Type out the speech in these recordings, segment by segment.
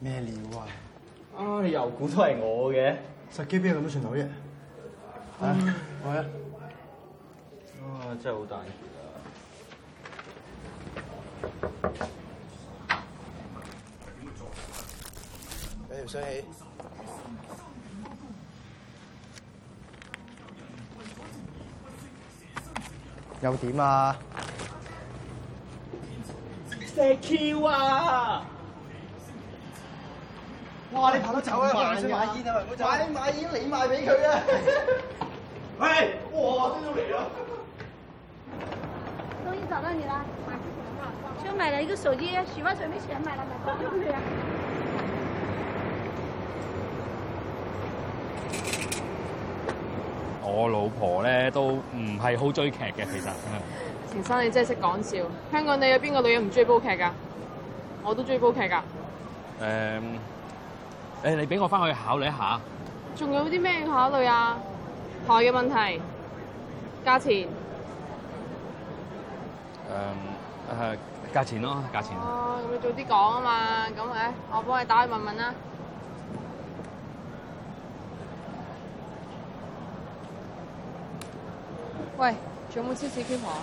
咩料啊？啊，你又估都係我嘅。石 K 邊有咁嘅傳頭啫？啊，我啊，啊，真係好大碟啊！你唔使起，又點啊？蛇 Q 啊！哇！你朋到走啦，買買煙啊，唔好走。買買煙，你賣俾佢啊！喂，哇，終於嚟啦！終於找到你啦，買隻錶啊！就買了一個手機，洗髮水沒錢買了，買包煙。我老婆咧都唔係好追劇嘅，其實。陳 生，你真係識講笑。香港，你有邊個女人唔中意煲劇噶？我都中意煲劇噶。誒。嗯誒，你俾我翻去考慮一下。仲有啲咩考慮啊？台嘅問題，價錢。誒誒，價錢咯，價錢。哦、啊，咁你早啲講啊嘛，咁誒、欸，我幫你打去問問啦。喂，仲有冇超市開門啊？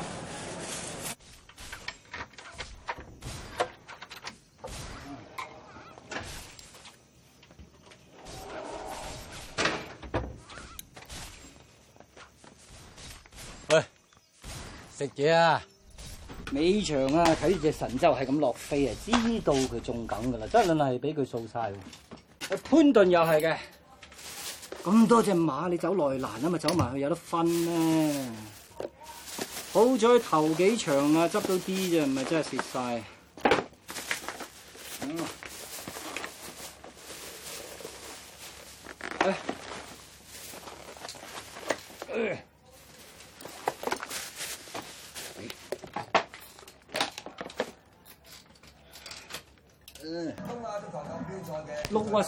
只啊，尾、yeah, 場啊，睇隻神舟係咁落飛啊，知道佢中梗噶啦，真係俾佢掃晒。潘頓又係嘅，咁多隻馬你走內欄啊嘛，走埋去有得分咩？好彩頭幾場啊，執到啲啫，唔係真係蝕晒。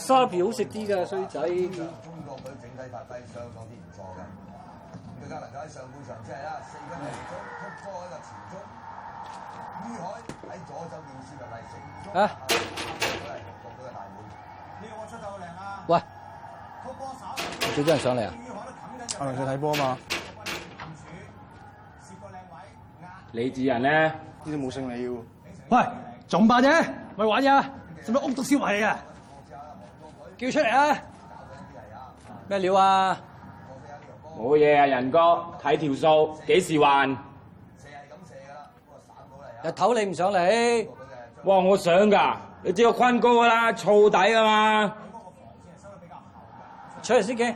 沙皮好食啲㗎，衰仔。中國隊整體發揮相當之唔錯㗎，佢家能夠喺上半場即係啊四分鐘突破喺個前中！於海喺左手面切入嚟射中，係中國隊嘅大門。你我出夠靚啊！喂，好多人上嚟啊！可能去睇波啊？嘛。李子仁咧，呢啲冇姓利喎。喂，仲扮啫，咪玩嘢，使乜屋都燒埋你啊！叫出嚟啊！咩料啊？冇嘢啊，仁哥，睇條數，幾時還？成日咁成啊，啦，散係嚟啊。日頭你唔上嚟？哇，我上噶，你知我坤哥噶啦，燥底啊嘛。出嚟先傾。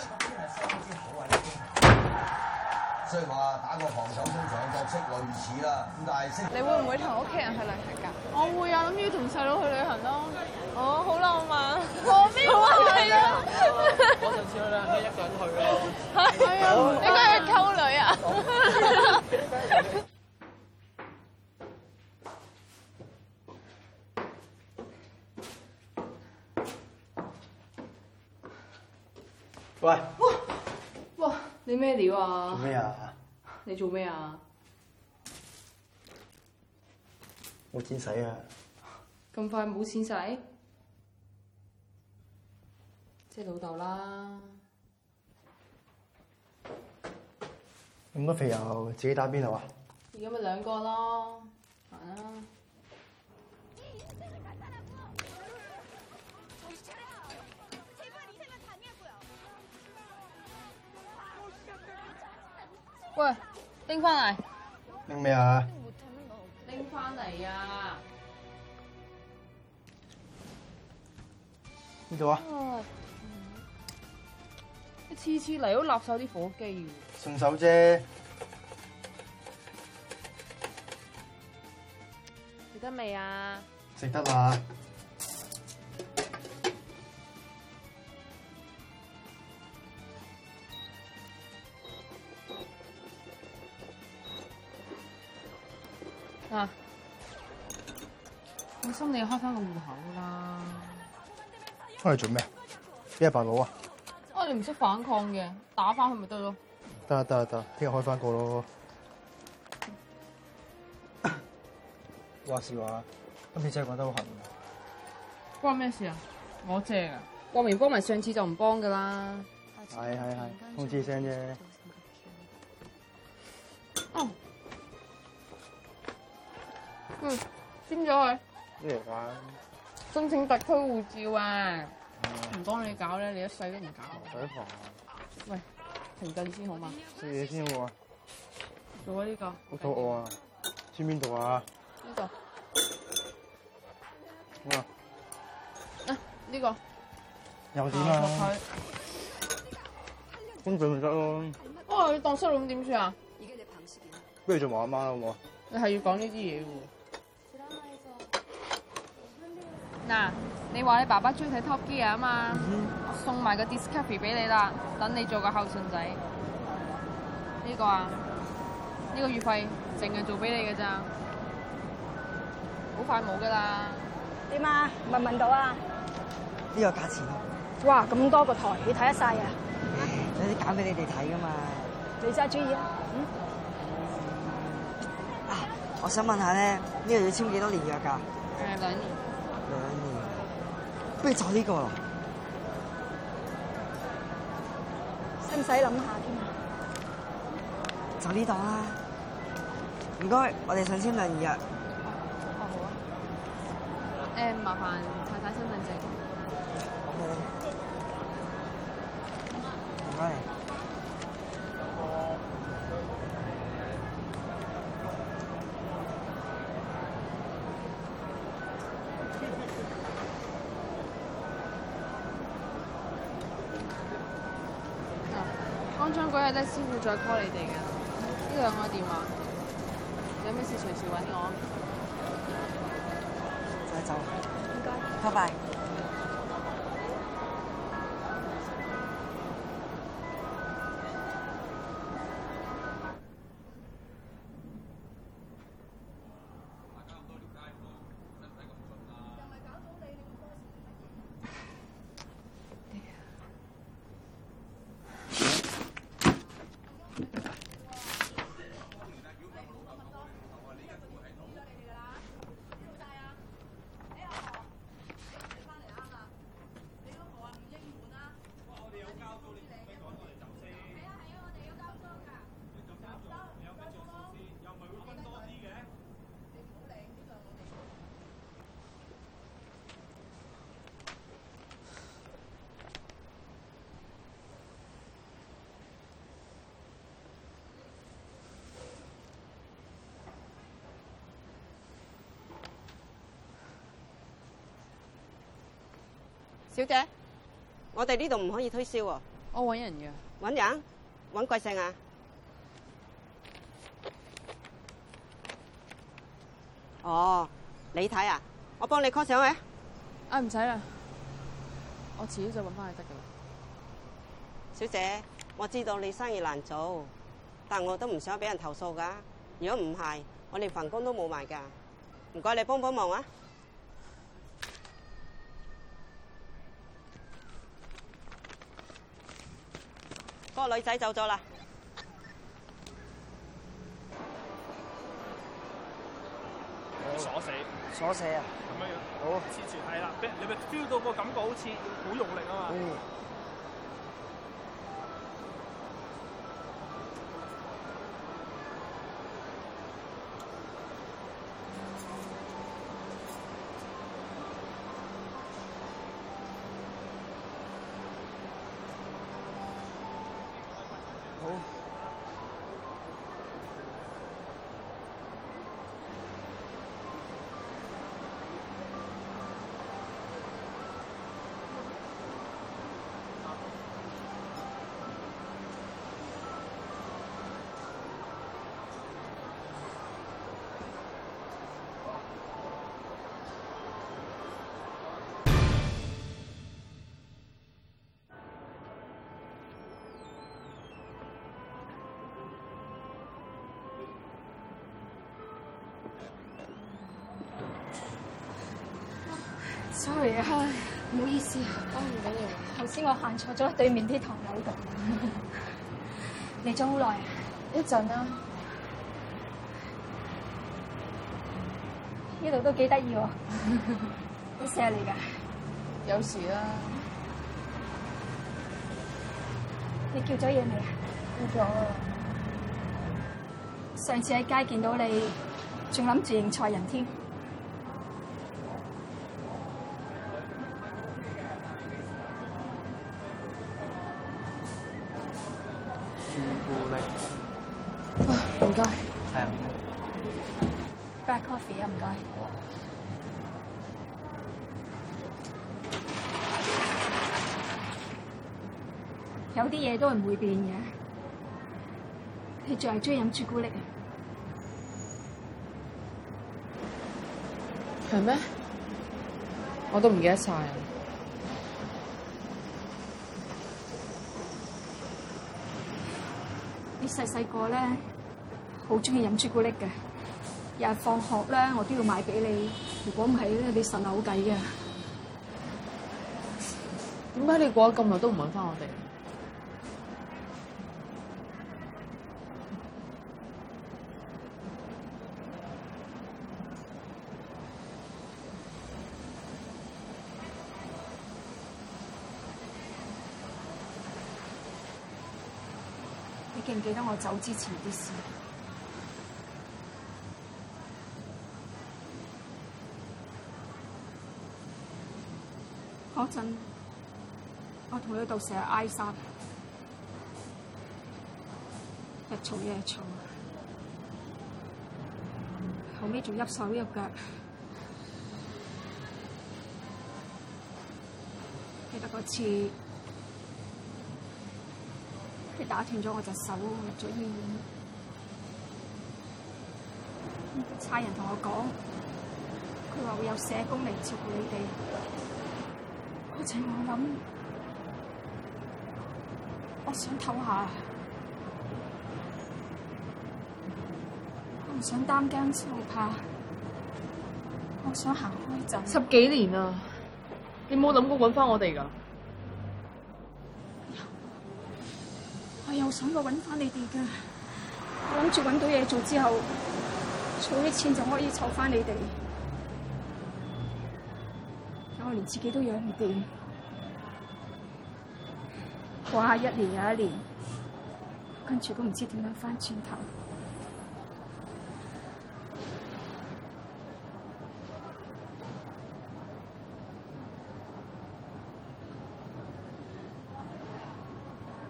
所以話打個防守中場就即類似啦，咁但係識你會唔會同屋企人去，弟弟去旅行㗎？我會啊，諗住同細佬去旅行咯，哦，好浪漫，好 啊，係呀！我就只係兩，一個人去咯，係你講係溝女啊？女 喂。你咩料啊？做咩啊？你做咩啊？冇錢使啊！咁快冇錢使？即係老豆啦！咁多肥油自己打邊度啊？而家咪兩個咯，煩啦！喂，拎翻嚟。拎咩啊？拎翻嚟啊！呢度啊！你次次嚟都垃圾啲火機。順手啫。食得未啊？食得啦。心，你開翻個戶口啦，出嚟做咩？俾人白老啊！我哋唔識反抗嘅，打翻佢咪得咯。得得得，聽日、啊啊、開翻個咯。 話時話，今次真係講得好狠。關咩事啊？我借啊！郭明幫埋上次就唔幫㗎啦。係係係，通知聲啫。哦，嗯，尖咗佢。咩嘢關？申請特區護照啊！唔幫你搞咧，你一世都唔搞。喺喂，停陣先好嘛？食嘢先好啊！做啊呢個。好肚餓啊！穿邊度啊？呢個。好啊？啊呢個又點啊？搬水咪得咯。哇！你當衰佬咁點算啊？不如做媽媽好唔好？你係要講呢啲嘢喎？嗱，你話你爸爸中意睇 Top Gear 啊嘛、mm，hmm. 送埋個 Discovery 俾你啦，等你做個孝順仔。呢、這個啊，呢、這個月費淨係做俾你噶咋，好快冇噶啦。點啊？問唔問到啊？呢個價錢。哇，咁多個台，你睇得晒啊？嗯、有啲揀俾你哋睇噶嘛。你真係注意啊。嗯、啊，我想問下咧，呢、這個要簽幾多年約噶？誒、嗯，兩年。咩？找呢個了？使唔使諗下添啊？就呢度啦。唔該，我哋想簽兩日。哦，好啊。誒，麻煩太太身份證。好嘅。唔該。再 call 你哋嘅，呢兩個電話，有咩事隨時揾我。再走。拜拜謝。Bye bye. 小姐，我哋呢度唔可以推銷喎、啊。我搵人嘅，搵人，搵貴姓啊？哦，你睇啊，我幫你 call 上去。啊，唔使啦，我遲啲再搵翻去得㗎喇。小姐，我知道你生意難做，但我都唔想俾人投訴㗎。如果唔係，我連份工都冇埋㗎。唔該，你幫幫忙啊！女仔走咗啦，鎖死，鎖死啊，咁樣樣，好，黐住，係啦，你咪 feel 到個感覺好似好用力啊嘛，嗯。Sorry 啊唉，唔好意思啊，然迎 你，試試你。頭先我行錯咗對面啲唐樓度，嚟咗好耐，一陣啊。呢度都幾得意喎，啲石你㗎。有事啦，你叫咗嘢未啊？叫咗了啊。上次喺街見到你，仲諗住認錯人添。唔該。係。Black coffee 啊，唔該。有啲嘢都唔會變嘅。佢仲係鍾意飲朱古力嘅。係咩？我都唔記得曬。細細個咧，好中意飲朱古力嘅，日日放學咧，我都要買俾你。如果唔係咧，你實扭計嘅。點解你過咗咁耐都唔揾翻我哋？仲記得我走之前啲事？嗰陣我同你度成日嗌交，日嘈夜嘈，後尾仲扱手扱腳，記得嗰次。佢打斷咗我隻手，去咗醫院。差人同我講，佢話會有社工嚟照顧你哋。好似我諗，我想唞下，我唔想擔驚受怕，我想行開陣。十幾年啦，你冇諗過搵返我哋㗎？我想我搵翻你哋嘅，諗住搵到嘢做之後，儲啲錢就可以湊翻你哋。但我連自己都養唔掂，過下一年又一年，跟住都唔知點樣翻轉頭，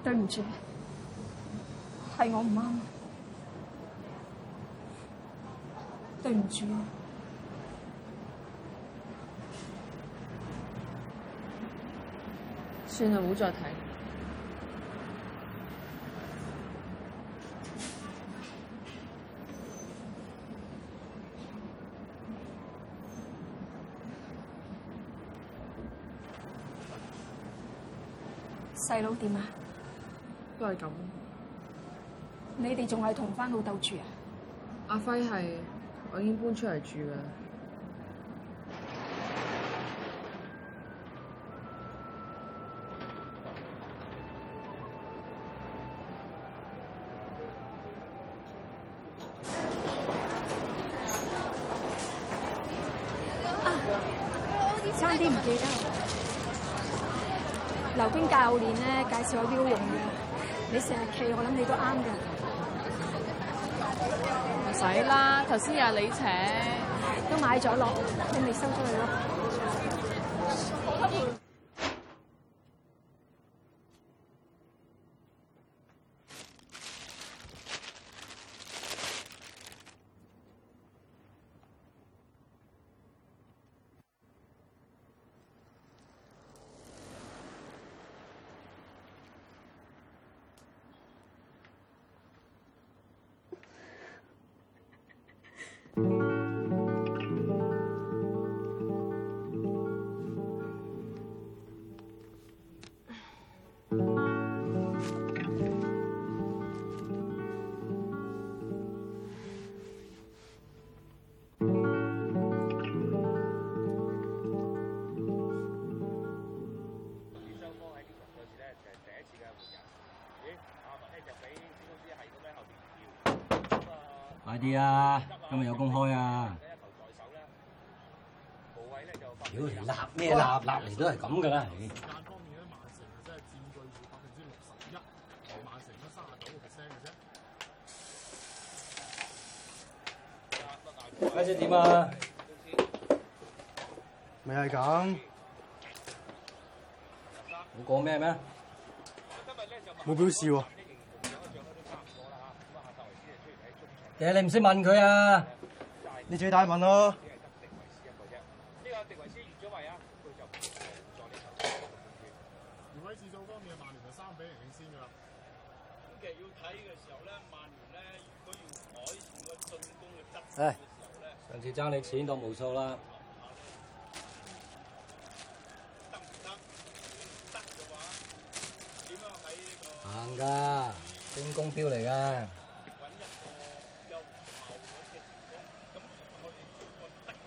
對唔住。係我唔啱，對唔住，算啦，冇再睇。細佬點啊？弟弟都係咁。你哋仲係同翻老豆住啊？阿輝係，我已經搬出嚟住啦。啊！差啲唔記得。劉冰教練咧介紹我啲好用嘅，你成日企，我諗你都啱嘅。唔使啦，頭先又係你請，都買咗咯，你咪收咗佢咯。啲啊，今日有工開啊！屌，攔咩攔，攔嚟都係咁噶啦！睇下先點啊？未係咁。你講咩咩？冇表示喎。嘢你唔識問佢啊，你最大問咯。哎，上次爭你錢都無數啦。行噶，進攻標嚟噶。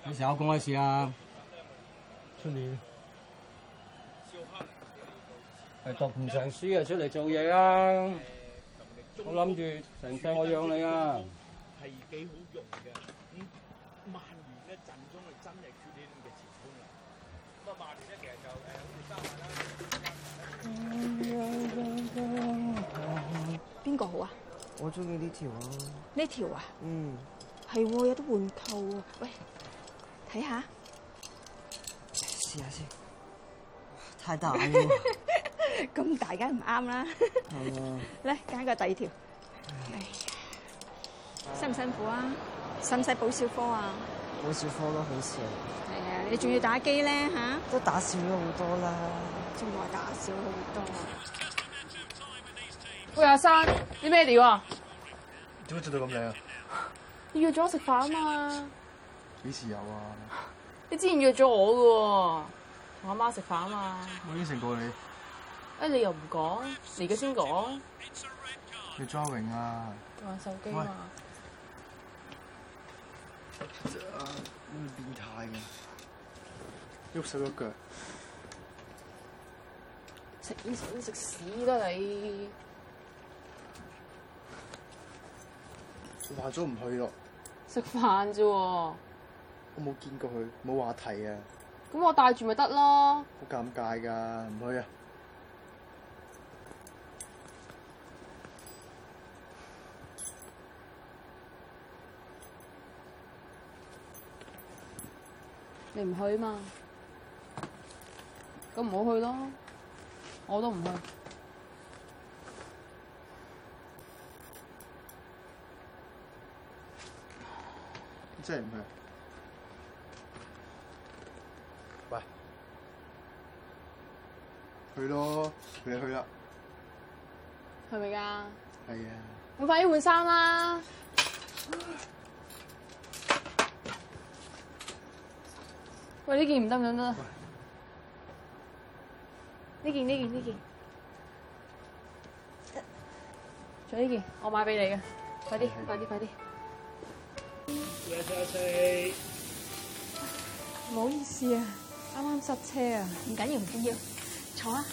幾時考公開試啊？出嚟係、哎、讀唔成書啊，出嚟做嘢啊！我諗住成世我養你啊！係幾好用嘅？咁萬元一陣中係真係決定你成功啊！咁啊，萬元一陣就誒好似三萬啦。邊個好啊？我中意呢條啊！呢條啊？嗯，係有得換購喎、啊。喂！睇下，試下先，太大啦，咁 大梗係唔啱啦。嚟 揀的個第二條，辛唔唉、哎、辛苦啊？使唔使補小科啊？補小科都好似係。係啊，你仲要打機咧吓？都打少咗好多啦，仲話打少咗好多。喂，阿生，你咩料啊？點解做到咁靚啊？ 你約咗我食飯啊嘛？幾時有啊？你之前約咗我㗎喎，同阿媽食飯啊嘛。我應承過你。哎、欸，你又唔講，而家先講。你抓永啊！玩手機啊？誒！你變態嘅，喐手喐腳，食屎食屎啦你！話咗唔去咯。食飯啫喎。我冇見過佢，冇話題啊！咁我帶住咪得咯。好尷尬噶，唔去啊！你唔去嘛？咁唔好去咯，我都唔去。你真係唔去？去咯，佢哋去啦，係咪噶？係啊。咁快啲換衫啦！喂，呢件唔得唔得唔得，呢件呢件呢件，仲有呢件我買俾你嘅，快啲快啲快啲！一二三四，唔好意思啊，啱啱塞車啊，唔緊要唔緊要。坐啊！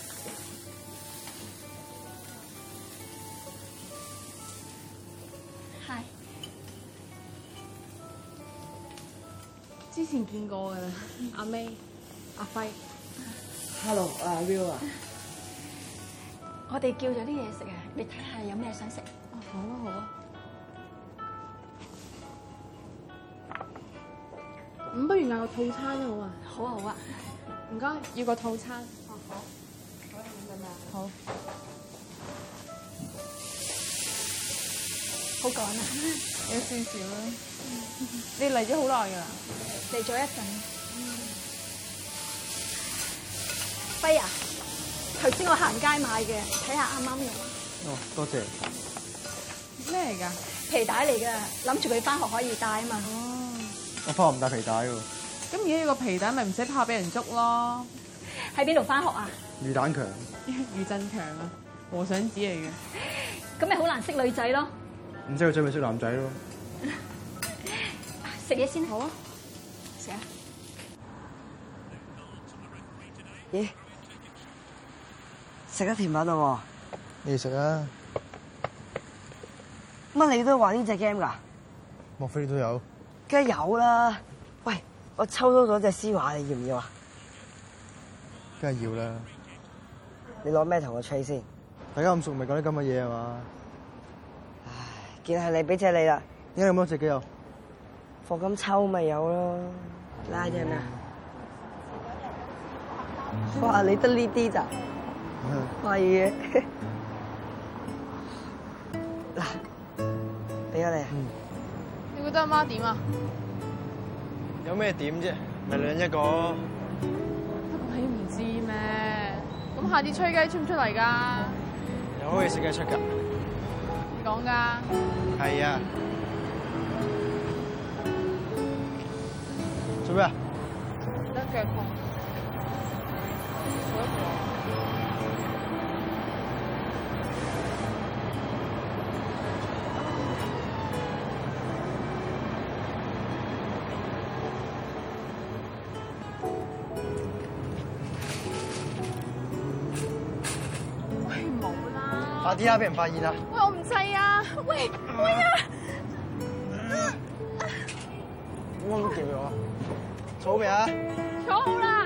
嗨，之前見過噶，嗯、阿 May，阿輝。Hello，阿 Will 啊！我哋叫咗啲嘢食啊，你睇下有咩想食，哦？好啊，好啊。咁不如嗌個套餐好啊，好啊！好啊，好啊。唔該，要個套餐。好，好趕啊，有少少。你嚟咗好耐噶啦，嚟咗一陣。輝啊，頭先我行街買嘅，睇下啱唔啱用。哦，多謝。咩嚟噶？皮帶嚟噶，諗住佢翻學可以帶啊嘛。哦。我翻學唔帶皮帶噶。咁而家呢個皮帶咪唔使怕俾人捉咯。喺邊度翻學啊？魚蛋強、魚真強啊，和尚子嚟嘅，咁咪好難識女仔咯。唔識女仔咪識男仔咯。食嘢先好啊。食啊！咦？食得甜品啦？你食啊？乜你都玩呢隻 game 噶？莫非你都有？梗係有啦。喂，我抽到咗隻詩華，你要唔要啊？梗係要啦！你攞咩同我吹先？大家咁熟悉，咪講啲咁嘅嘢係嘛？唉，見係你俾啫你啦，點解有冇食幾肉？放咁抽咪有咯。拉人啊！是是嗯、哇，你得媽媽呢啲咋？可以。嗱，俾咗你。你覺得阿媽點啊？有咩點啫？咪兩一個。嗯知咩？咁下次吹雞出唔出嚟噶？可以食嘅，出噶，你講㗎？係啊。做咩？等住。依家俾人發現喇喂，我唔制啊！喂啊喂啊！我做咩啊？做咩啊，坐好未？坐好啦！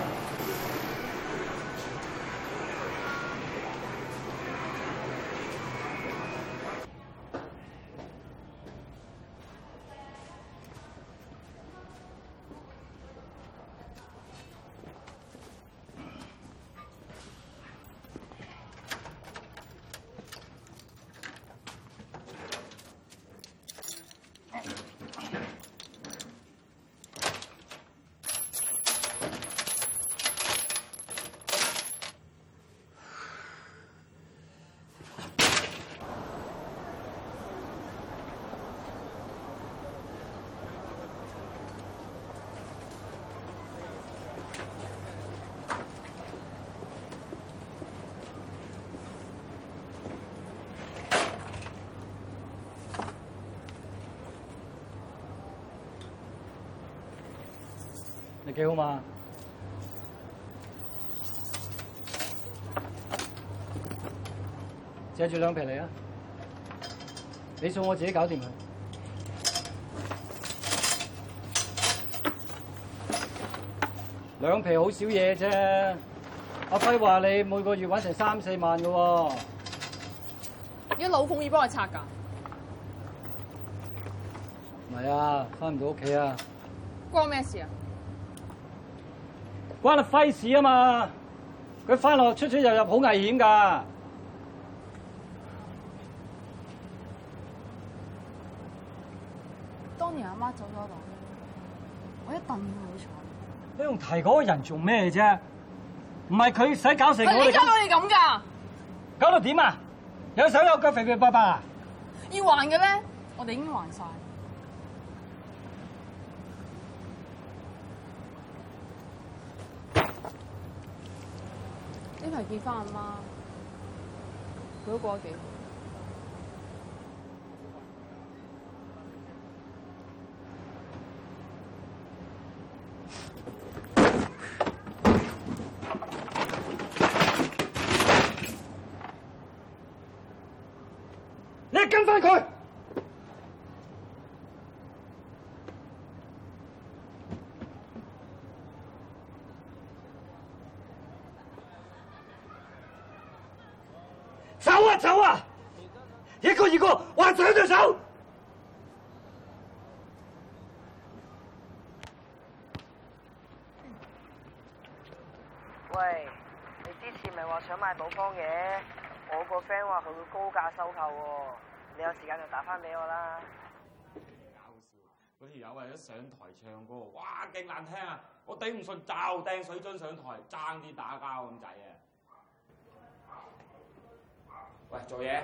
你好嘛？借住兩皮嚟啊！你送我自己搞掂佢。兩皮好少嘢啫。阿輝話你每個月搵成三四萬噶。而家老公要幫我拆噶？唔係啊，翻唔到屋企啊。關咩事啊？關你閪事啊嘛！佢返學出出入入好危險噶。當年阿媽走咗度，我一凳都冇坐你你。你仲提嗰個人做咩啫？唔係佢使搞成我哋而家都係咁㗎。到搞到點啊？有手有腳肥肥白白啊？要還嘅咧，我哋已經還晒。你係見翻阿媽，佢都過幾年，你跟翻佢！二哥我執住手。喂，你之前咪話想買寶方嘅？我個 friend 話佢會高價收購喎，你有時間就打翻俾我啦。搞笑，佢而家為咗上台唱歌，哇，勁難聽啊！我頂唔順，罩掟水樽上台，爭啲打交咁滯啊！喂，做嘢。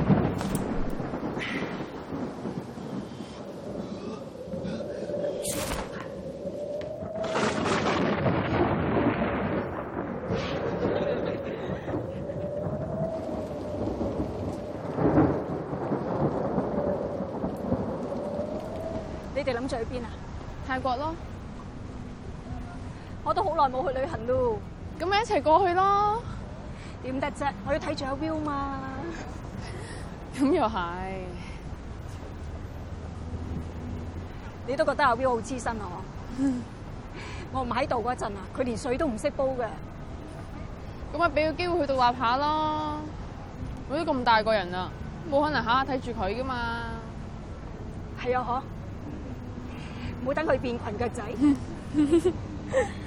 你哋諗住去邊啊？泰國咯，我都好耐冇去旅行咯。咁咪一齊過去咯？點得啫？我要睇住阿 Will 嘛。咁 又係 是，你都覺得阿 Will 好黐身啊。我唔喺度嗰陣啊，佢 連水都唔識煲嘅。咁咪俾個機會去到划下咯。我都咁大個人啦，冇可能下下睇住佢噶嘛是。係啊，嗬。唔好等佢變裙腳仔。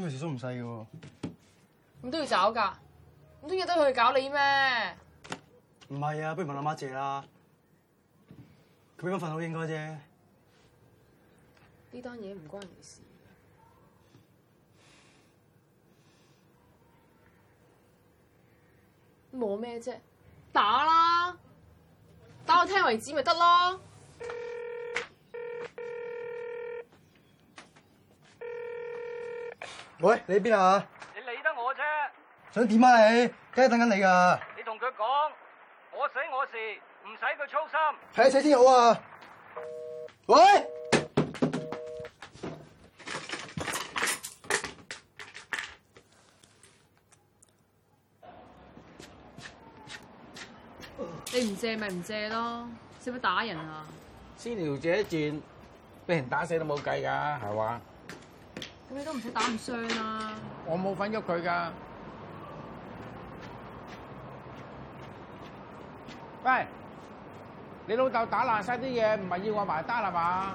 因為西裝唔細嘅，咁都要找噶？咁都要得佢去搞你咩？唔係啊，不如問阿媽借啦。佢咁份好應該啫。呢單嘢唔關你事的，冇咩啫？打啦，打到聽為止咪得咯。喂，你喺邊啊？你理得我啫！想點啊你？梗係等緊你噶。你同佢講，我死我事，唔使佢操心。係寫先好啊！喂，你唔借咪唔借咯？使唔使打人啊？私了借箭，俾人打死都冇計噶，係嘛？你都唔使打唔傷啦！我冇份喐佢㗎。喂，你老豆打爛晒啲嘢，唔係要我埋單啦嘛？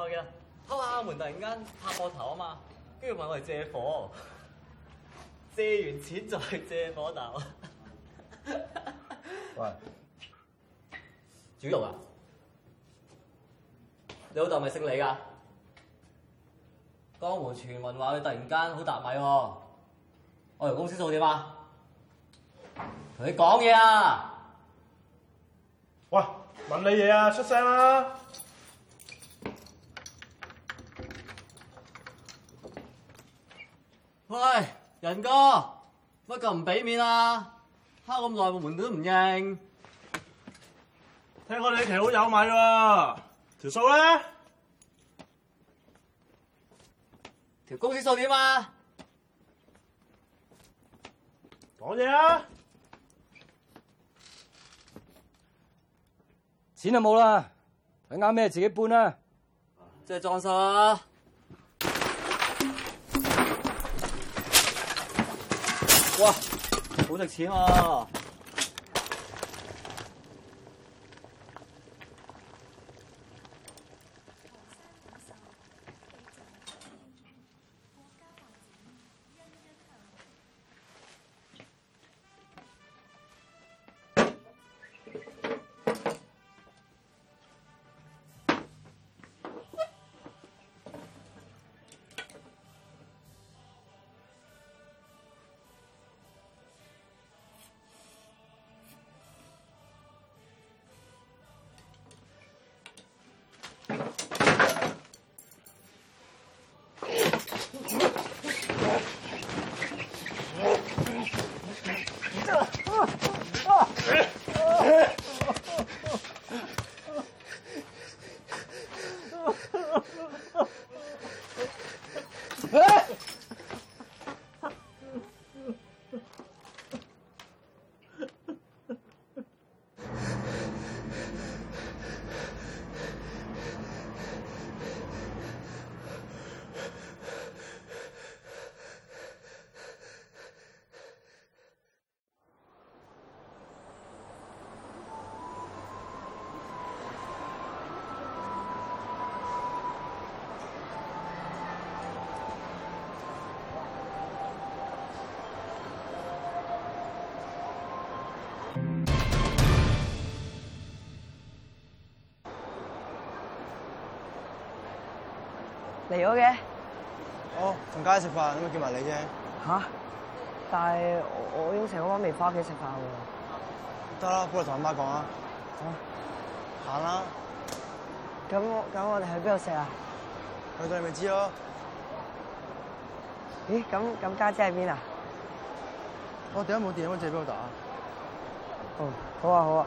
我記得，敲下門突然間拍我頭啊嘛，跟住問我借火，借完錢再借火，大佬。喂，主動啊！你老豆咪姓李噶？江湖傳聞話佢突然間好踏米喎、啊，外遊公司做點啊？同你講嘢啊！喂，問你嘢啊，出聲啦！喂，仁哥，乜咁唔俾面啊？敲咁耐門都唔認。聽講你條友有米喎，條數咧？條公司數點啊？講嘢啊？錢就冇啦，睇啱咩自己搬啦，的即係裝修啊！哇，好值錢啊！嚟咗嘅，哦，同家姐食飯，咁咪叫埋你啫。吓、啊？但係我我應承我媽未翻屋企食飯喎。得啦，不如同阿媽講啊。好吧。行啦。咁我咁我哋去邊度食啊？去到你咪知咯。咦？咁咁家姐喺邊啊？我點解冇電，我借俾我打。哦、嗯，好啊，好啊。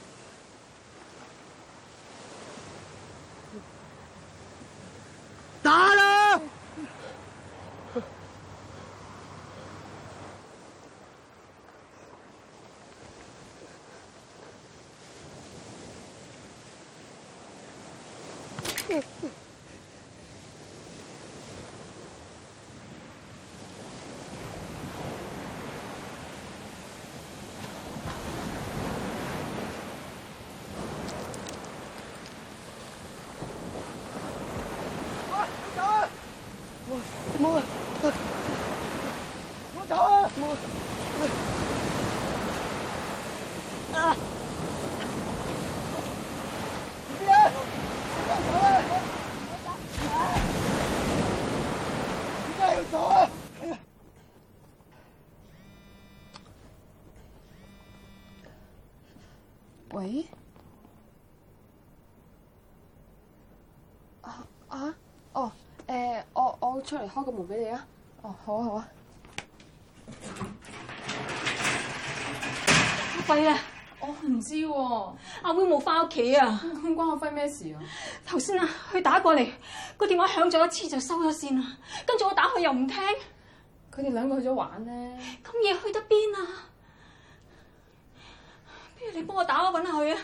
喂？啊啊哦誒、欸，我我出嚟開個門俾你啊。哦，好啊好啊。阿輝喂啊，我唔知喎，阿妹冇返屋企啊。關阿輝咩事啊？頭先啊，佢打過嚟，個電話響咗一次就收咗線啦。跟住我打去又唔聽。佢哋兩個去咗玩咧。咁夜去得邊啊？你幫我打下，搵下佢啊！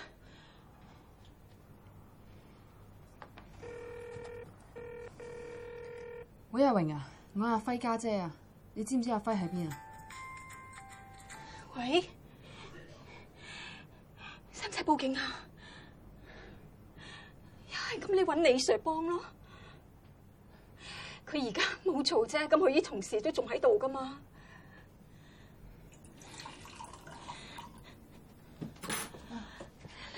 喂，阿榮啊，我阿輝家姐啊，你知唔知阿輝喺邊啊？喂，使唔使報警啊？又係咁，你搵李 Sir 幫咯。佢而家冇嘈啫，咁佢啲同事都仲喺度㗎嘛？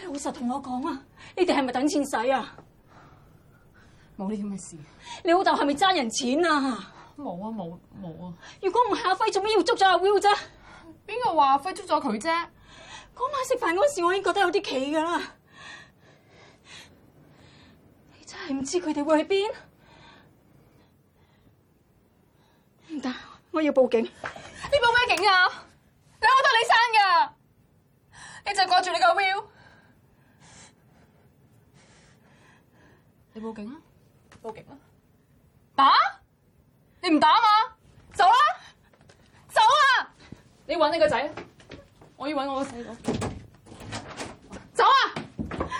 老實同我講啊！你哋係咪等錢使啊？冇呢啲嘅事。你老豆係咪爭人錢啊？冇啊冇冇啊！如果唔係阿輝，做咩要捉咗阿 Will 啫？邊個話阿輝捉咗佢啫？嗰晚食飯嗰時，我已經覺得有啲奇噶啦。你真係唔知佢哋會喺邊？唔得！我要報警。你報咩警啊？兩個都係你生噶，你就掛住你個 Will。你報警啊！報警啊！打！你唔打嘛？走啦！走啊！走啊！你搵你個仔，我要搵我個細佬。走啊！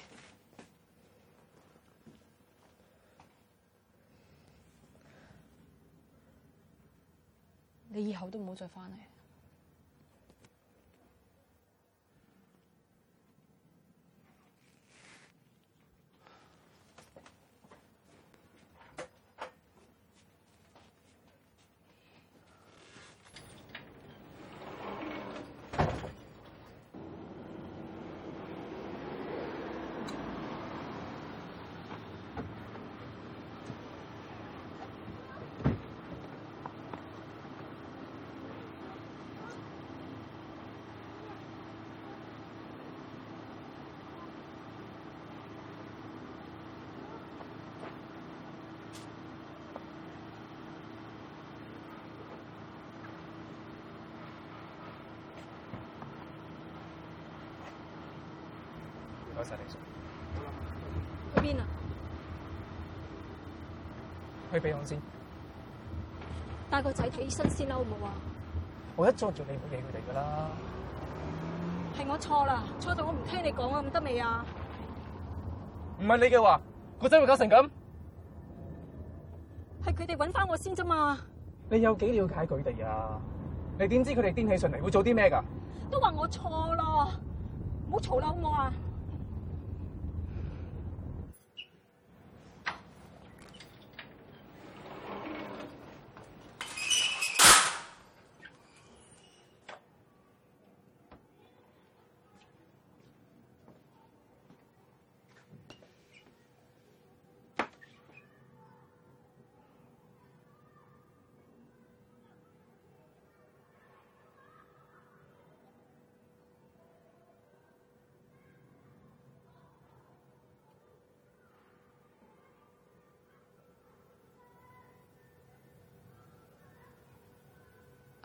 都唔好再返嚟。謝謝去邊啊？去避我先。帶個仔睇醫生先啦，好唔好啊？我一捉住你，唔理佢哋噶啦。係我錯啦，錯到我唔聽你講啊，得未啊？唔係你嘅話，個仔會搞成咁？係佢哋搵翻我先啫嘛。你有幾了解佢哋啊？你點知佢哋癲起上嚟會做啲咩噶？都話我錯咯，唔好嘈鬧我啊！